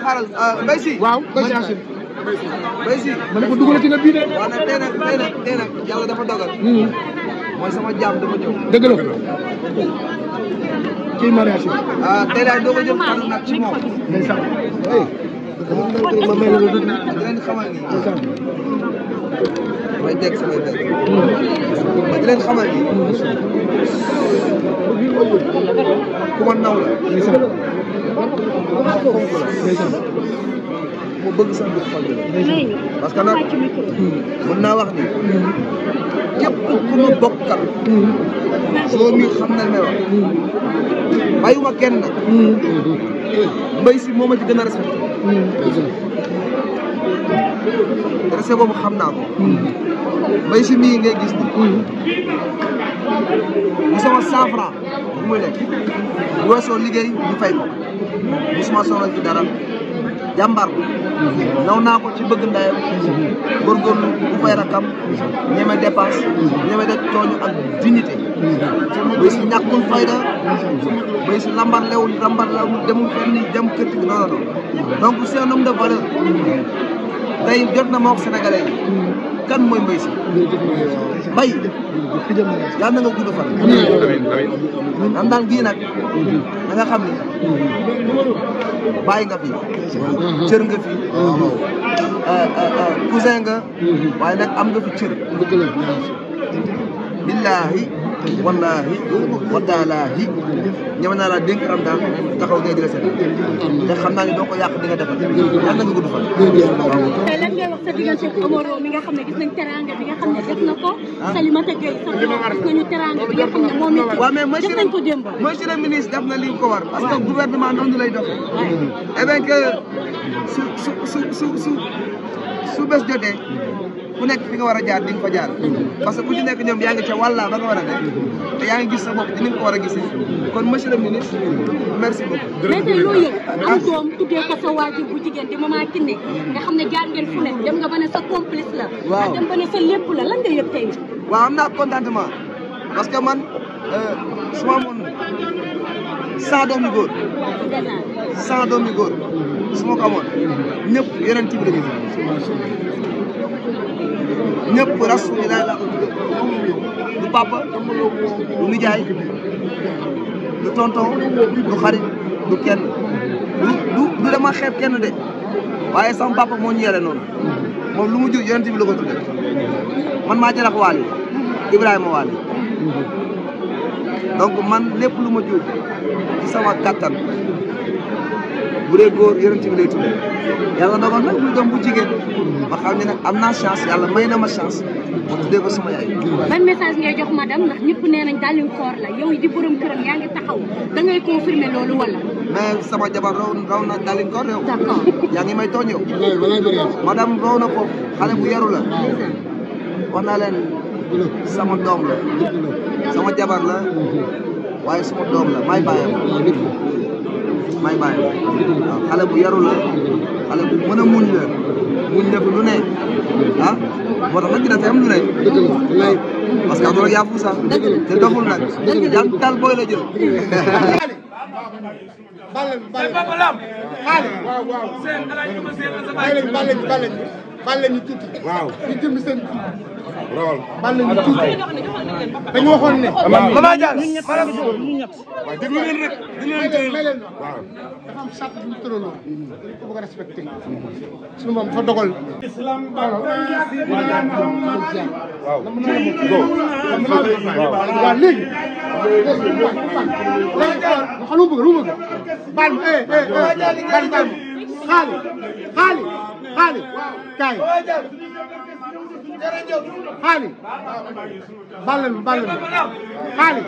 xaaral ah, Mbaye Sy. waaw Mbaye Sy ma ne ko dugalati nga bii de. waaw nag dafa dogal. Hmm. mooy sama jam dafa ñëw. dëgg la. ci mariage bi. ah tey daal doo ko jëm xaaral nag ci samay dégg samay dégg. ma di xamal ni. ku ma naw la. ma bëgg sax parce que wax ni. ku ma bokkal. soo mi xam na ne wax. bàyyiwuma kenn nag. si moom a ci gën a tracé boobu xam naa ko. mbay si mii ngay gis nii. bu hmm. sama cent franc muy lekk bu weesoo liggéey ñu fay ko bu suma soxla ci dara jàmbaar ko naa ko ci bëgg ndayam góorgóorlu bu fay rakam ñeme dépense ñeme def tooñu ak dignité bay si ñàkkul fayda bay si lambar lewul lambar lewul demul fenn dem kër gi non non donc c'est un homme de valeur tey jot na ma wax kan mooy Mbaye Sy Mbaye na nga gudd fan nan daan gii nag da nga xam ne bàyyi nga fi cër nga fi cousin nga am nga fi cër billaahi wallaahi wataalaahi ñëw naa laa dénk am daal taxaw ngay di la seet te xam naa ne doo ko yàq di nga defal yàlla nga gudd fan tey lan ngay wax sa ne na ko ah. Salimata Gueye sax gis nañu teraanga bi nga xam moom it waaw mais monsieur nañ ministre def na li ko war parce que gouvernement noonu lay dox et eh bien que su su su su su ku nekk fi nga war a jaar di nga fa jaar parce que ku ci nekk ñoom yaa ngi ca wàllaa ba nga war a nekk te yaa ngi gis sa bopp di ni nga war a gisee kon monsieur le ministre merci beaucoup mais tey loo yëg am doom tuddee ko sa waajur bu jigéen di maman Kiné nga xam ne jaar ngeen fu ne dem nga ba ne sa complice la waaw dem ba ne sa lépp la lan nga am naa contentement parce que man euh, su ma amoon cent doom cent doomi góor su ma ko amoon ñëpp yeneen ci bi lañu ñëpp rasulilah laa ko nijaay du tonton du xarit du kenn du du dama xeeb kenn de waaye sama papa moo ñu moom lu mu jur yeneen bi la ko tuddee man maa jarax waali Ibrahima waali donc man lépp lu ma jur ci sama kattan bu dee góor yonent bi lay tuddee yàlla dogal nag muy doom bu jigéen ma xam ne nag am naa chance yàlla may na ma chance ma tuddee ko sama yaay. ban message ngay jox madame ndax ñëpp nee nañ daal koor la yow di borom këram yaa ngi taxaw da ngay confirmer loolu wala. mais sama jabar raw raw na dalin koor yow. d'accord yaa may tooñ yow. madame raw na ko xale bu yaru la. wax naa leen sama doom la. sama jabar la waaye sama doom la may bàyyam. may bàyyi waaw xale bu yaru la xale bu mën a muñ la muñ def lu ne ah moo tax nag dina fi am lu ne waaw parce yaa fu te doxul nag daal daal booy la jël bal la ñu tuuti. waaw ñu jëm seen lool bal la ñu tuuti dañu waxoon ne. maman Dia ñun ñett maanaam ñun ñett. waaw déglu leen rek dina leen tëral waaw dafa am charte bu ñu tëraloo. dañ ko bëgg a respecté. suñu moom dafa dogal. alors. waaw. waaw léegi. xam lu bëgg lu bëgg. bal xaali xaali xaali kaay xaali bàllal ma bàllal ma xaali